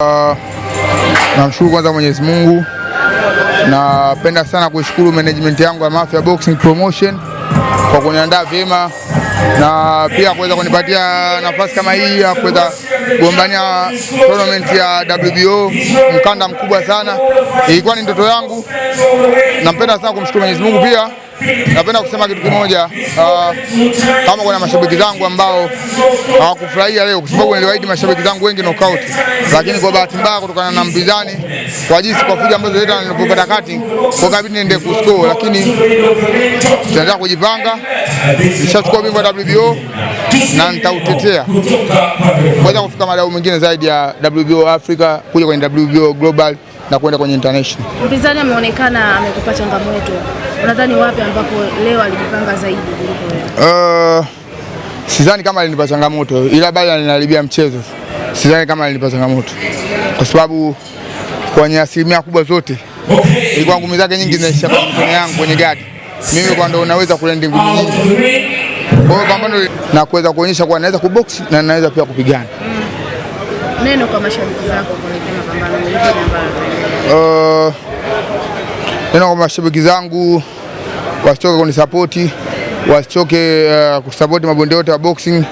na namshukuru kwanza Mwenyezi Mungu. Napenda sana kuishukuru management yangu ya Mafia Boxing Promotion kwa kuniandaa vyema na pia kuweza kunipatia nafasi kama hii ya kuweza kugombania tournament ya WBO mkanda mkubwa sana. Ilikuwa ni ndoto yangu. Nampenda sana kumshukuru Mwenyezi Mungu pia napenda kusema kitu kimoja, ah, kama kuna mashabiki zangu ambao hawakufurahia leo, kwa sababu niliwaahidi mashabiki zangu wengi knockout, lakini kwa bahati mbaya, kutokana na mpinzani kwa jinsi kwa fujo ambazo zileta nilipopata kati kwa kabidi niende kuscore, lakini tunaendelea kujipanga. Nishachukua bingwa WBO na nitautetea kuweza kufika madau mengine zaidi ya WBO Africa, kuja kwenye WBO Global na kwenda kwenye international. Mpinzani ameonekana amekupa changamoto unadhani wapi ambapo leo alijipanga zaidi kuliko wewe? Uh, sidhani kama alinipa changamoto, ila bado aliniharibia mchezo. Sidhani kama alinipa changamoto kwa sababu kwenye asilimia kubwa zote okay. ilikuwa ngumi zake nyingi zinaisha kwa mikono yangu kwenye gadi, mimi kwa ndo unaweza kulendi ngumi nyingi kwa pambano na kuweza kuonyesha kuwa naweza kubox na naweza pia kupigana. Mm. Neno kwa mashabiki zako kwa pambano hili ambalo uh, eh, neno kwa mashabiki zangu wasichoke kunisapoti, wasichoke uh, kusapoti mabondia yote wa boxing,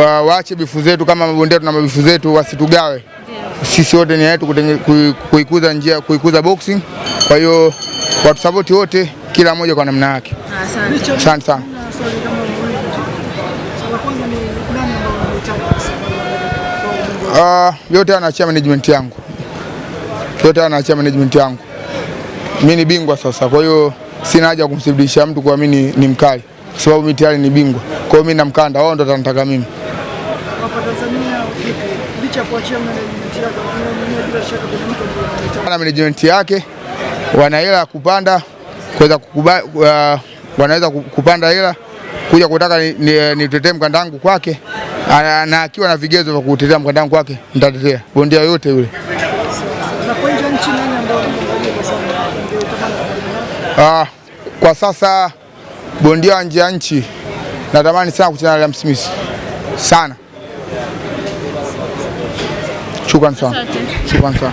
wa, waache bifu zetu kama mabondia tuna mabifu zetu, wasitugawe sisi wote ni yetu kuikuza njia kuikuza boxing. Kwa hiyo watusapoti wote, kila mmoja kwa namna yake. Asante sana. Uh, yote anaachia management yangu, yote anaachia management yangu. Mimi ni bingwa sasa, kwa hiyo sina haja kumthibitisha mtu kwa mimi ni, mkali kwa sababu mimi tayari ni bingwa. Kwa hiyo mimi namkanda, wao ndo watanitaka mimi. Na management yake wana hela ya kupanda kuweza uh, wanaweza kupanda hela kuja kutaka nitetee ni, ni mkandangu kwake na akiwa na vigezo vya kutetea mkandangu kwake nitatetea bondia yote yule. Ah, kwa sasa bondia wa nje ya nchi natamani sana kucheza na Liam Smith sana. Shukrani sana, shukrani sana.